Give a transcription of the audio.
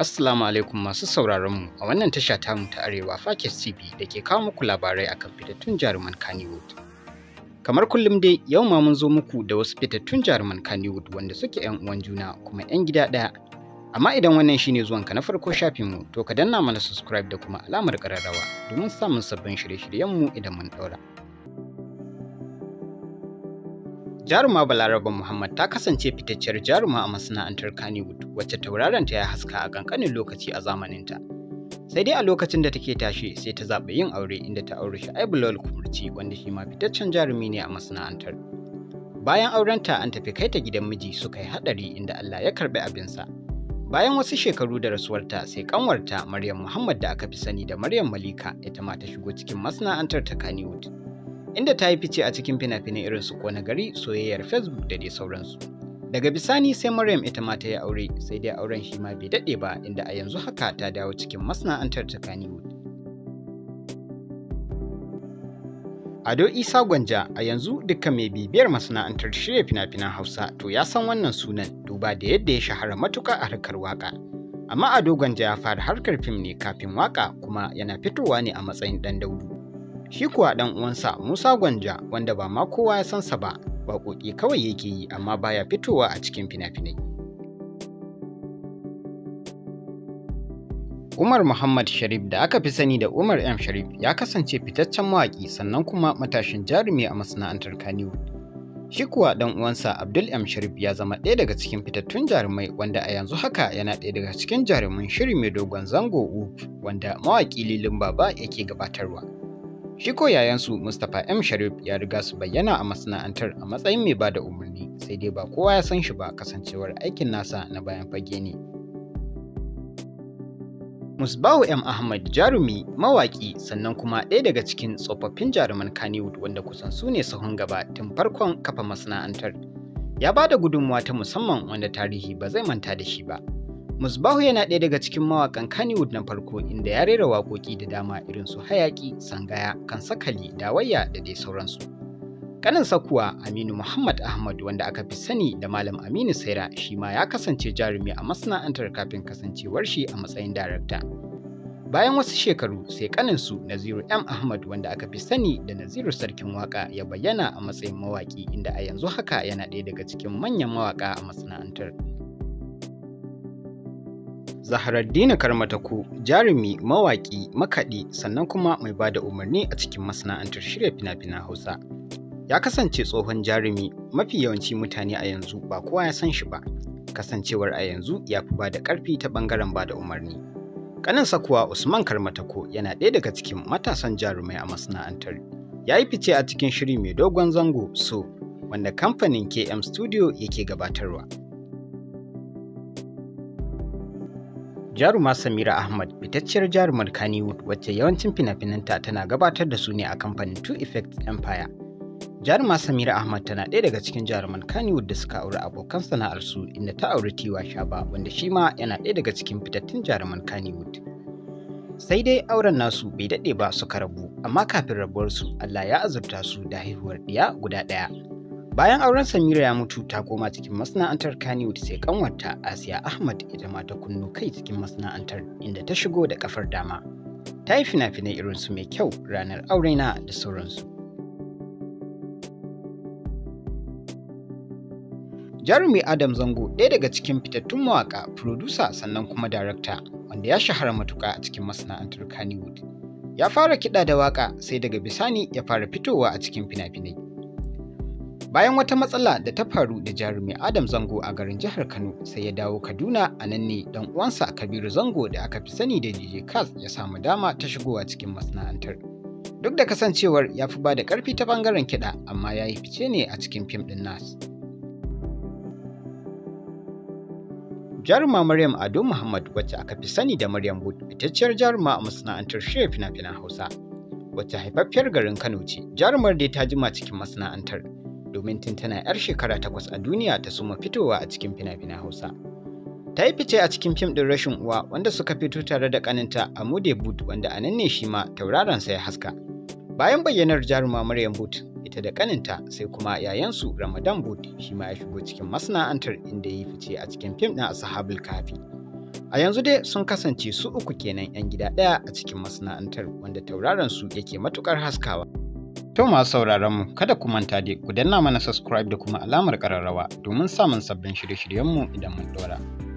Assalamu alaikum masu mu a wannan tasha mu ta Arewa Faket TV da ke kawo muku labarai akan fitattun jaruman Kannywood. Kamar kullum dai yau ma mun zo muku da wasu fitattun jaruman Kannywood wanda suke 'yan uwan juna kuma 'yan gida ɗaya. Amma idan wannan shine zuwanka na farko shafin mu to ka danna mana subscribe da kuma alamar ƙararrawa domin samun sabbin shirye shiryen mu idan mun ɗaura. Jaruma Balaraba Muhammad ta kasance fitacciyar jaruma a masana'antar Kannywood wacce tauraron ta ya haska a kankanin lokaci a zamaninta. Sai dai a lokacin da take tashi sai ta zaɓi yin aure inda ta aure shi Aibulol Kumurci wanda shi ma fitaccen jarumi ne a masana'antar. Bayan aurenta an tafi kai ta gidan miji suka yi haɗari inda Allah ya karɓi abinsa. Bayan wasu shekaru da rasuwarta sai kanwarta Maryam Muhammad da aka fi sani da Maryam Malika ita ma ta shigo cikin masana'antar ta Kannywood. inda ta yi fice a cikin fina finan irin su kona gari soyayyar facebook da dai sauransu daga bisani sai maryam ita ma ta yi aure sai dai auren shi ma bai daɗe ba inda a yanzu haka ta dawo cikin masana'antar ta kaniwood ado isa gwanja a yanzu dukkan mai bibiyar masana'antar shirya fina-finan hausa to ya san wannan sunan duba da yadda ya shahara matuka a harkar waka amma ado gwanja ya fara harkar fim ne kafin waka kuma yana fitowa ne a matsayin ɗan daudu Shi kuwa ɗan uwansa Musa Gwanja wanda ba ma kowa ya sansa ba, waƙoƙi kawai yake yi amma baya fitowa a cikin fina-finai. Umar Muhammad Sharif da aka fi sani da Umar M. Sharif ya kasance fitaccen mawaƙi sannan kuma matashin jarumi a masana'antar Kano. Shi kuwa ɗan uwansa Abdul M. Sharif ya zama ɗaya daga cikin fitattun jarumai wanda a yanzu haka yana ɗaya daga cikin jarumin shiri mai dogon zango wanda mawaƙi Lilin Baba yake gabatarwa. Shi ko yayansu Mustapha M. Sharif ya riga su bayyana a masana'antar a matsayin mai bada umarni sai dai ba kowa ya san shi ba kasancewar aikin nasa na bayan fage ne. Musbahu M. Ahmad jarumi mawaƙi sannan kuma ɗaya daga cikin tsofaffin jaruman Kannywood wanda kusan su ne sahun gaba tun farkon kafa masana'antar. Ya ba da gudunmuwa ta musamman wanda tarihi ba zai manta da shi ba. Musbahu yana ɗaya daga cikin mawakan Kannywood na farko inda ya rera waƙoƙi da dama irin su hayaƙi, sangaya, kansakali, dawayya da dai sauransu. Kaninsa kuwa Aminu Muhammad Ahmad wanda aka fi sani da Malam Aminu Saira shi ma ya kasance jarumi a masana'antar kafin kasancewar shi a matsayin darakta. Bayan wasu shekaru sai kaninsu Naziru M. Ahmad wanda aka fi sani da Naziru Sarkin Waka ya bayyana a matsayin mawaƙi inda a yanzu haka yana ɗaya daga cikin manyan mawaƙa a masana'antar. Zaharaddina Karmataku jarumi mawaƙi makaɗi sannan kuma mai ba da umarni a cikin masana'antar shirya fina-finan Hausa. Ya kasance tsohon jarumi mafi yawanci mutane a yanzu ba kowa ya san shi ba, kasancewar a yanzu ya fi ba da ƙarfi ta ɓangaren ba da umarni. Ƙaninsa sakuwa Usman Karmatako yana ɗaya daga cikin matasan jarumai a masana'antar. Ya yi fice a cikin shiri mai dogon zango so wanda kamfanin KM Studio yake gabatarwa. Jaruma Samira Ahmad fitacciyar jarumar Kannywood wacce yawancin fina-finanta tana gabatar da su ne a kamfanin Two Effects Empire. Jaruma Samira Ahmad tana ɗaya daga cikin jaruman Kannywood da suka auri abokan sana'arsu inda ta auri Tiwa Shaba wanda shi ma yana ɗaya daga cikin fitattun jaruman Kannywood. Sai dai auren nasu bai daɗe ba suka rabu amma kafin rabuwarsu Allah ya azurta su da haihuwar ɗiya guda ɗaya. bayan auren samira ya mutu ta koma cikin masana'antar Kannywood sai kanwarta asiya ahmad ita ma ta kunno kai cikin masana'antar inda ta shigo da kafar dama ta yi fina-finai irin su mai kyau ranar aurena da sauransu jarumi adam zango ɗaya daga cikin fitattun mawaka furodusa sannan kuma darakta wanda ya shahara matuka a cikin masana'antar Kannywood, ya fara kiɗa da waƙa sai daga bisani ya fara fitowa a cikin fina-finai Bayan wata matsala da ta faru da jarumi Adam Zango a garin jihar Kano sai ya dawo Kaduna a nan ne dan uwansa Kabiru Zango da aka fi sani da DJ Kaz ya samu dama ta shigowa cikin masana'antar. Duk da kasancewar ya fi ba da ƙarfi ta bangaren kiɗa amma ya yi fice ne a cikin fim din nas. Jaruma Maryam Ado Muhammad wacce aka fi sani da Maryam Wood fitacciyar jaruma a masana'antar shirya fina-finan Hausa. Wacce haifaffiyar garin Kano ce, jarumar dai ta jima cikin masana'antar. domin tun tana 'yar shekara takwas a duniya ta suma fitowa a cikin fina-finan Hausa. Ta yi fice a cikin fim ɗin Rashin Uwa wanda suka fito tare da ƙaninta a Mude But wanda a nan ne shi ma sa ya haska. Bayan bayyanar jaruma Maryam Boot ita da ƙaninta sai kuma yayansu Ramadan Boot shi ma ya shigo cikin masana'antar inda ya yi fice a cikin fim ɗin Ashabul Kafi. A yanzu dai sun kasance su uku kenan 'yan gida ɗaya a cikin masana'antar wanda tauraron su yake matuƙar haskawa. To masu sauraron mu kada ku manta dai ku danna mana subscribe da kuma alamar kararrawa domin samun sabbin shirye-shiryenmu idan mun dora.